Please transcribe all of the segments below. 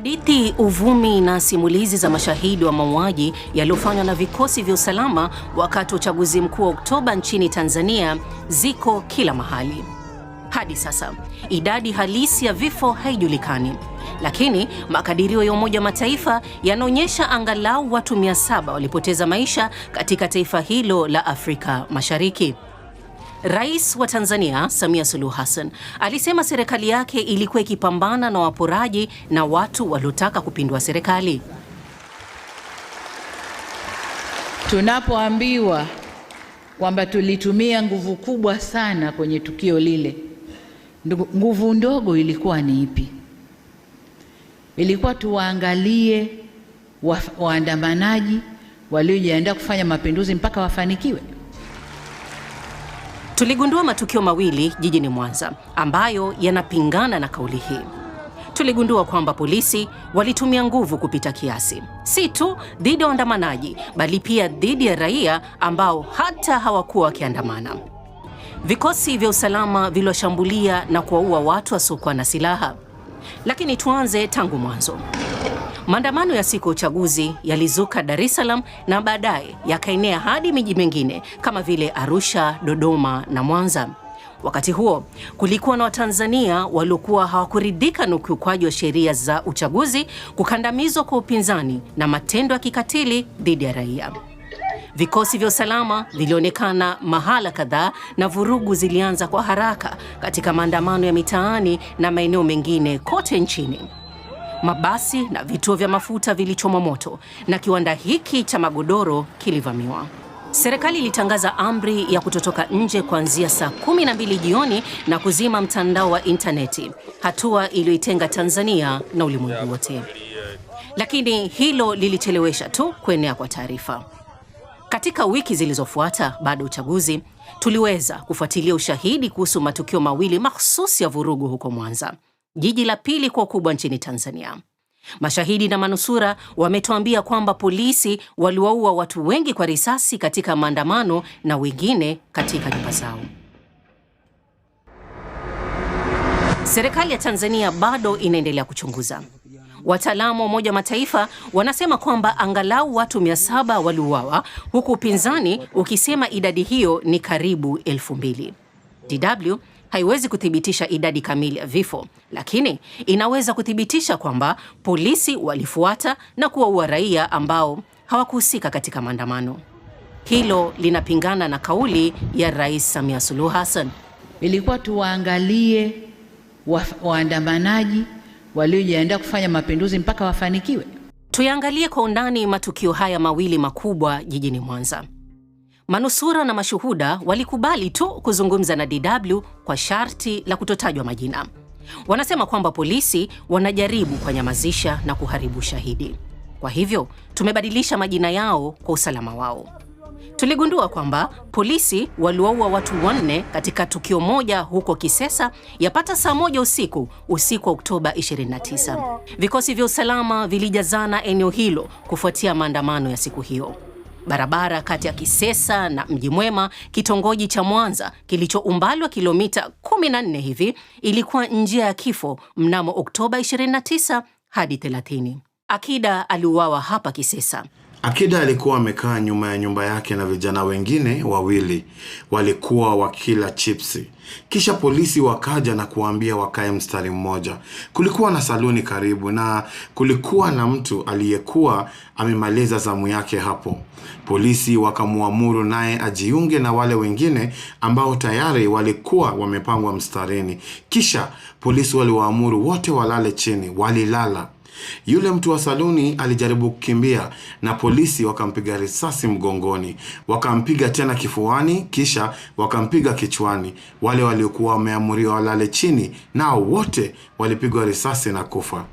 Hadithi, uvumi na simulizi za mashahidi wa mauaji yaliyofanywa na vikosi vya usalama wakati wa uchaguzi mkuu wa Oktoba nchini Tanzania ziko kila mahali. Hadi sasa, idadi halisi ya vifo haijulikani, lakini makadirio ya Umoja wa Mataifa yanaonyesha angalau watu 700 walipoteza maisha katika taifa hilo la Afrika Mashariki. Rais wa Tanzania Samia Suluhu Hassan alisema serikali yake ilikuwa ikipambana na waporaji na watu waliotaka kupindua serikali. Tunapoambiwa kwamba tulitumia nguvu kubwa sana kwenye tukio lile, nguvu ndogo ilikuwa ni ipi? Ilikuwa tuwaangalie waandamanaji waliojiandaa kufanya mapinduzi mpaka wafanikiwe? Tuligundua matukio mawili jijini Mwanza ambayo yanapingana na kauli hii. Tuligundua kwamba polisi walitumia nguvu kupita kiasi, si tu dhidi ya waandamanaji, bali pia dhidi ya raia ambao hata hawakuwa wakiandamana. Vikosi vya usalama viliwashambulia na kuwaua watu wasiokuwa na silaha. Lakini tuanze tangu mwanzo. Maandamano ya siku ya uchaguzi yalizuka Dar es Salaam na baadaye yakaenea hadi miji mingine kama vile Arusha, Dodoma na Mwanza. Wakati huo kulikuwa na Watanzania waliokuwa hawakuridhika na ukiukwaji wa sheria za uchaguzi, kukandamizwa kwa upinzani na matendo ya kikatili dhidi ya raia. Vikosi vya usalama vilionekana mahala kadhaa na vurugu zilianza kwa haraka katika maandamano ya mitaani na maeneo mengine kote nchini mabasi na vituo vya mafuta vilichomwa moto na kiwanda hiki cha magodoro kilivamiwa. Serikali ilitangaza amri ya kutotoka nje kuanzia saa 12 jioni na kuzima mtandao wa intaneti, hatua iliyoitenga Tanzania na ulimwengu wote. Lakini hilo lilichelewesha tu kuenea kwa taarifa. Katika wiki zilizofuata baada ya uchaguzi, tuliweza kufuatilia ushahidi kuhusu matukio mawili mahsusi ya vurugu huko Mwanza jiji la pili kwa ukubwa nchini Tanzania. Mashahidi na manusura wametuambia kwamba polisi waliwaua watu wengi kwa risasi katika maandamano na wengine katika nyumba zao. Serikali ya Tanzania bado inaendelea kuchunguza. Wataalamu wa Umoja wa Mataifa wanasema kwamba angalau watu saba waliuawa, huku upinzani ukisema idadi hiyo ni karibu elfu mbili. DW haiwezi kuthibitisha idadi kamili ya vifo, lakini inaweza kuthibitisha kwamba polisi walifuata na kuwaua raia ambao hawakuhusika katika maandamano. Hilo linapingana na kauli ya Rais Samia Suluhu Hassan. Ilikuwa tuwaangalie wa, waandamanaji waliojiandaa kufanya mapinduzi mpaka wafanikiwe. Tuyaangalie kwa undani matukio haya mawili makubwa jijini Mwanza. Manusura na mashuhuda walikubali tu kuzungumza na DW kwa sharti la kutotajwa majina. Wanasema kwamba polisi wanajaribu kunyamazisha na kuharibu shahidi Kwa hivyo tumebadilisha majina yao kwa usalama wao. Tuligundua kwamba polisi waliwaua watu wanne katika tukio moja huko Kisesa yapata saa moja usiku usiku wa Oktoba 29. Vikosi vya usalama vilijazana eneo hilo kufuatia maandamano ya siku hiyo barabara kati ya Kisesa na Mji Mwema, kitongoji cha Mwanza kilicho umbali wa kilomita 14 hivi, ilikuwa njia ya kifo mnamo Oktoba 29 hadi 30. Akida aliuawa hapa Kisesa. Akida alikuwa amekaa nyuma ya nyumba yake na vijana wengine wawili walikuwa wakila chipsi. Kisha polisi wakaja na kuambia wakae mstari mmoja. Kulikuwa na saluni karibu na kulikuwa na mtu aliyekuwa amemaliza zamu yake hapo. Polisi wakamwamuru naye ajiunge na wale wengine ambao tayari walikuwa wamepangwa mstarini. Kisha polisi waliwaamuru wote walale chini. Walilala. Yule mtu wa saluni alijaribu kukimbia na polisi wakampiga risasi mgongoni, wakampiga tena kifuani, kisha wakampiga kichwani. Wale waliokuwa wameamuriwa walale chini, nao wote walipigwa risasi na kufa.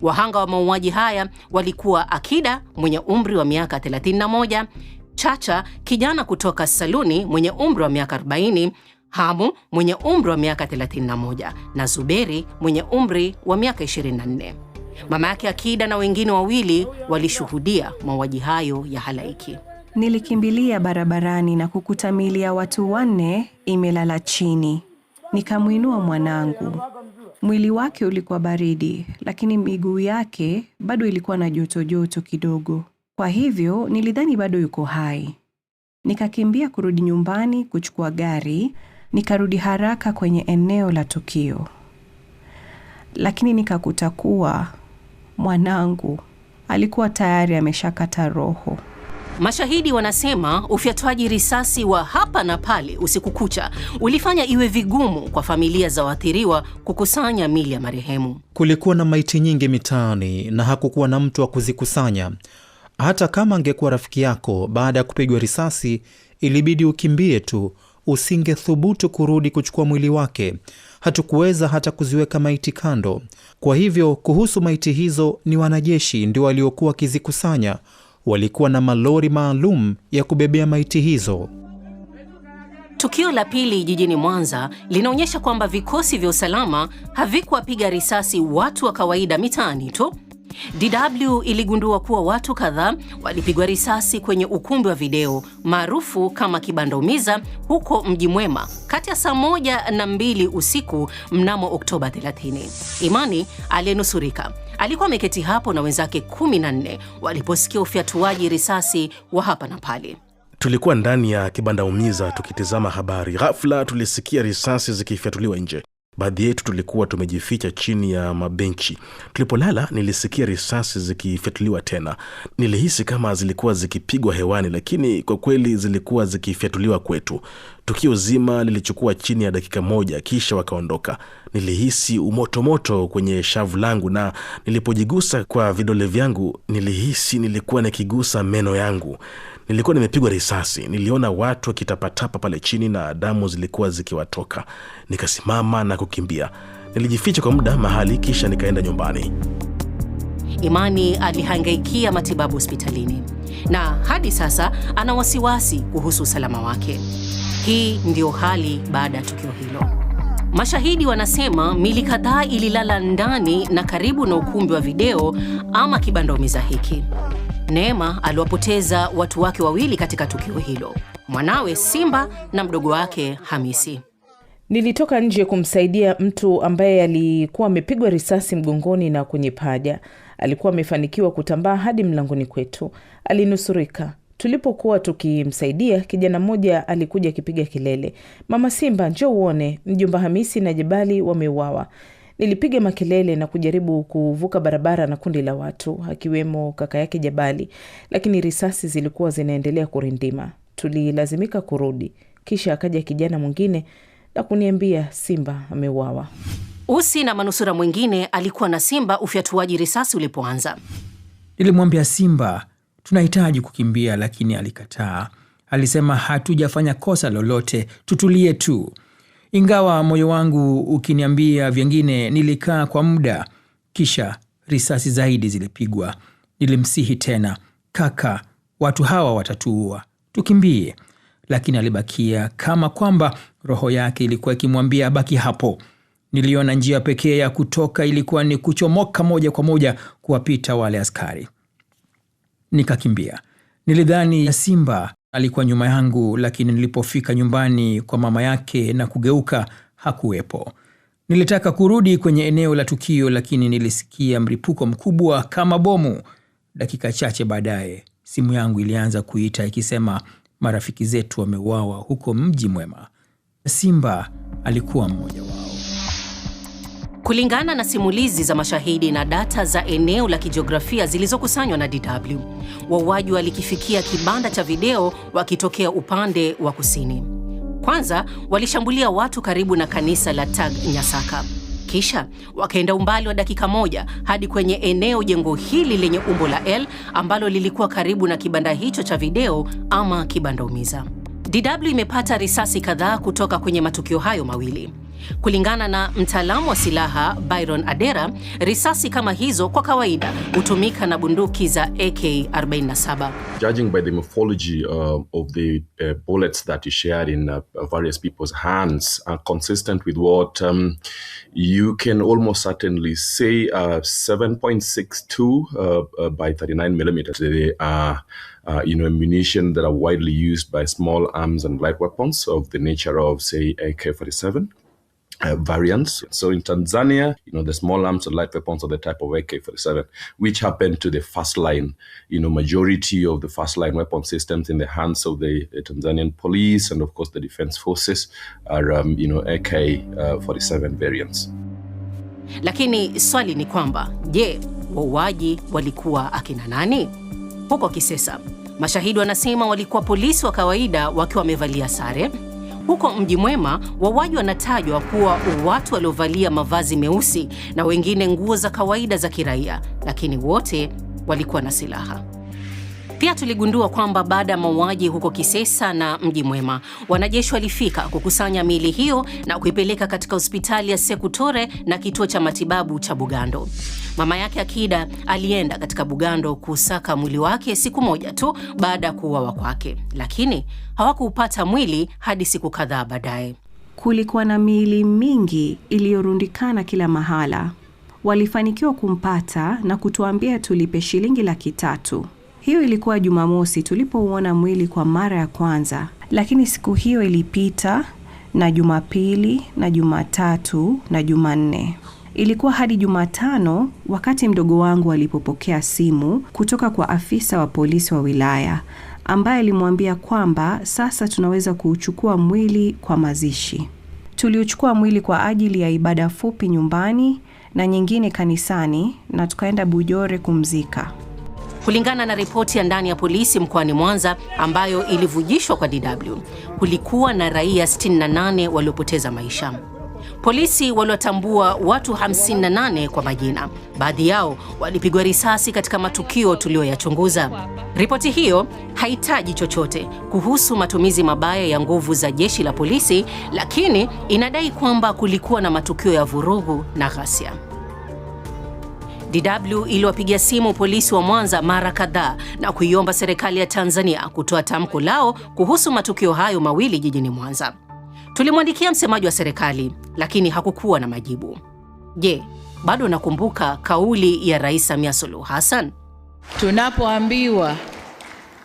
Wahanga wa mauaji haya walikuwa Akida mwenye umri wa miaka 31, Chacha kijana kutoka saluni mwenye umri wa miaka 40, Hamu mwenye umri wa miaka 31 na Zuberi mwenye umri wa miaka 24. Mama yake Akida na wengine wawili walishuhudia mauaji hayo ya halaiki. Nilikimbilia barabarani na kukuta miili ya watu wanne imelala chini. Nikamwinua mwanangu. Mwili wake ulikuwa baridi, lakini miguu yake bado ilikuwa na joto joto kidogo. Kwa hivyo nilidhani bado yuko hai. Nikakimbia kurudi nyumbani kuchukua gari, nikarudi haraka kwenye eneo la tukio, lakini nikakuta kuwa mwanangu alikuwa tayari ameshakata roho. Mashahidi wanasema ufyatuaji risasi wa hapa na pale usiku kucha ulifanya iwe vigumu kwa familia za waathiriwa kukusanya mili ya marehemu. Kulikuwa na maiti nyingi mitaani na hakukuwa na mtu wa kuzikusanya. Hata kama angekuwa rafiki yako, baada ya kupigwa risasi ilibidi ukimbie tu, usingethubutu kurudi kuchukua mwili wake. Hatukuweza hata kuziweka maiti kando. Kwa hivyo, kuhusu maiti hizo, ni wanajeshi ndio waliokuwa wakizikusanya. Walikuwa na malori maalum ya kubebea maiti hizo. Tukio la pili jijini Mwanza linaonyesha kwamba vikosi vya usalama havikuwapiga risasi watu wa kawaida mitaani tu DW iligundua kuwa watu kadhaa walipigwa risasi kwenye ukumbi wa video maarufu kama Kibandaumiza huko Mji Mwema kati ya saa moja na mbili usiku mnamo Oktoba 30. Imani aliyenusurika alikuwa ameketi hapo na wenzake nne waliposikia ufyatuaji risasi wa hapa na pale. Tulikuwa ndani ya Kibandaumiza tukitizama habari, ghafla tulisikia risasi zikifyatuliwa nje. Baadhi yetu tulikuwa tumejificha chini ya mabenchi. Tulipolala nilisikia risasi zikifyatuliwa tena. Nilihisi kama zilikuwa zikipigwa hewani, lakini kwa kweli zilikuwa zikifyatuliwa kwetu. Tukio zima lilichukua chini ya dakika moja, kisha wakaondoka. Nilihisi umotomoto kwenye shavu langu, na nilipojigusa kwa vidole vyangu nilihisi nilikuwa nikigusa meno yangu. Nilikuwa nimepigwa risasi, niliona watu wakitapatapa pale chini na damu zilikuwa zikiwatoka. Nikasimama na kukimbia, nilijificha kwa muda mahali, kisha nikaenda nyumbani. Imani alihangaikia matibabu hospitalini na hadi sasa ana wasiwasi kuhusu usalama wake. Hii ndio hali baada ya tukio hilo. Mashahidi wanasema mili kadhaa ililala ndani na karibu na ukumbi wa video ama kibandomiza hiki. Neema aliwapoteza watu wake wawili katika tukio hilo, mwanawe Simba na mdogo wake Hamisi. Nilitoka nje kumsaidia mtu ambaye alikuwa amepigwa risasi mgongoni na kwenye paja. Alikuwa amefanikiwa kutambaa hadi mlangoni kwetu, alinusurika. Tulipokuwa tukimsaidia, kijana mmoja alikuja akipiga kelele, mama Simba, njoo uone, mjomba Hamisi na jebali wameuawa. Nilipiga makelele na kujaribu kuvuka barabara na kundi la watu, akiwemo kaka yake Jabali, lakini risasi zilikuwa zinaendelea kurindima. Tulilazimika kurudi. Kisha akaja kijana mwingine na kuniambia Simba ameuawa. Usi na manusura mwingine alikuwa na Simba ufyatuaji risasi ulipoanza. Nilimwambia Simba tunahitaji kukimbia, lakini alikataa. Alisema hatujafanya kosa lolote, tutulie tu. Ingawa moyo wangu ukiniambia vyengine, nilikaa kwa muda, kisha risasi zaidi zilipigwa. Nilimsihi tena, kaka, watu hawa watatuua, tukimbie. Lakini alibakia kama kwamba roho yake ilikuwa ikimwambia abaki hapo. Niliona njia pekee ya kutoka ilikuwa ni kuchomoka moja kwa moja kuwapita wale askari. Nikakimbia. Nilidhani simba Alikuwa nyuma yangu, lakini nilipofika nyumbani kwa mama yake na kugeuka, hakuwepo. Nilitaka kurudi kwenye eneo la tukio, lakini nilisikia mripuko mkubwa kama bomu. Dakika chache baadaye, simu yangu ilianza kuita ikisema, marafiki zetu wameuawa huko Mji Mwema. Simba alikuwa mmoja wao. Kulingana na simulizi za mashahidi na data za eneo la kijiografia zilizokusanywa na DW, wauaji walikifikia kibanda cha video wakitokea upande wa kusini. Kwanza walishambulia watu karibu na kanisa la Tag Nyasaka, kisha wakaenda umbali wa dakika moja hadi kwenye eneo jengo hili lenye umbo la L ambalo lilikuwa karibu na kibanda hicho cha video ama kibanda umiza. DW imepata risasi kadhaa kutoka kwenye matukio hayo mawili. Kulingana na mtaalamu wa silaha Byron Adera, risasi kama hizo kwa kawaida hutumika na bunduki za AK47. Judging by the morphology uh, of the uh, bullets that you shared in uh, various people's hands are consistent with what um, you can almost certainly say uh, 7.62 uh, uh, by 39 millimeters. They are uh, you know, ammunition that are widely used by small arms and light weapons of the nature of say AK-47 uh, variants. So in Tanzania, you know, the small arms and light weapons are the type of AK-47, which happened to the first line, you know, majority of the first line weapon systems in the hands of the, the Tanzanian police and of course the defense forces are, um, you know, AK-47 uh, variants. Lakini swali ni kwamba, je, wauaji walikuwa akina nani? Huko Kisesa, mashahidi wanasema walikuwa polisi wa kawaida wakiwa wamevalia sare huko Mji Mwema, wauaji wanatajwa kuwa watu waliovalia mavazi meusi na wengine nguo za kawaida za kiraia, lakini wote walikuwa na silaha. Pia tuligundua kwamba baada ya mauaji huko Kisesa na Mji Mwema, wanajeshi walifika kukusanya miili hiyo na kuipeleka katika hospitali ya Sekutore na kituo cha matibabu cha Bugando. Mama yake Akida alienda katika Bugando kusaka mwili wake siku moja tu baada ya kuuawa kwake, lakini hawakuupata mwili hadi siku kadhaa baadaye. Kulikuwa na miili mingi iliyorundikana kila mahala. Walifanikiwa kumpata na kutuambia tulipe shilingi laki tatu. Hiyo ilikuwa Jumamosi tulipouona mwili kwa mara ya kwanza, lakini siku hiyo ilipita na Jumapili na Jumatatu na Jumanne. Ilikuwa hadi Jumatano wakati mdogo wangu alipopokea simu kutoka kwa afisa wa polisi wa wilaya ambaye alimwambia kwamba sasa tunaweza kuuchukua mwili kwa mazishi. Tuliuchukua mwili kwa ajili ya ibada fupi nyumbani na nyingine kanisani na tukaenda Bujore kumzika. Kulingana na ripoti ya ndani ya polisi mkoani Mwanza ambayo ilivujishwa kwa DW, kulikuwa na raia 68 waliopoteza maisha. Polisi waliwatambua watu 58 kwa majina. Baadhi yao walipigwa risasi katika matukio tuliyoyachunguza. Ripoti hiyo haitaji chochote kuhusu matumizi mabaya ya nguvu za jeshi la polisi, lakini inadai kwamba kulikuwa na matukio ya vurugu na ghasia. DW iliwapiga simu polisi wa Mwanza mara kadhaa na kuiomba serikali ya Tanzania kutoa tamko lao kuhusu matukio hayo mawili jijini Mwanza. Tulimwandikia msemaji wa serikali lakini hakukuwa na majibu. Je, bado nakumbuka kauli ya Rais Samia Suluhu Hassan? Tunapoambiwa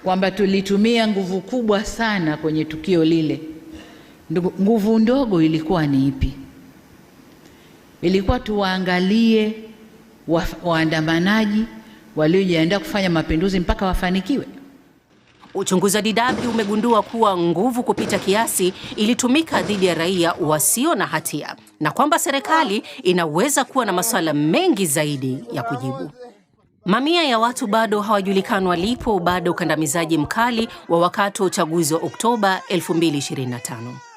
kwamba tulitumia nguvu kubwa sana kwenye tukio lile, nguvu ndogo ilikuwa ni ipi? Ilikuwa tuwaangalie wa, waandamanaji waliojiandaa kufanya mapinduzi mpaka wafanikiwe? Uchunguzi wa DW umegundua kuwa nguvu kupita kiasi ilitumika dhidi ya raia wasio na hatia na kwamba serikali inaweza kuwa na masuala mengi zaidi ya kujibu. Mamia ya watu bado hawajulikani walipo baada ya ukandamizaji mkali wa wakati wa uchaguzi wa Oktoba 2025.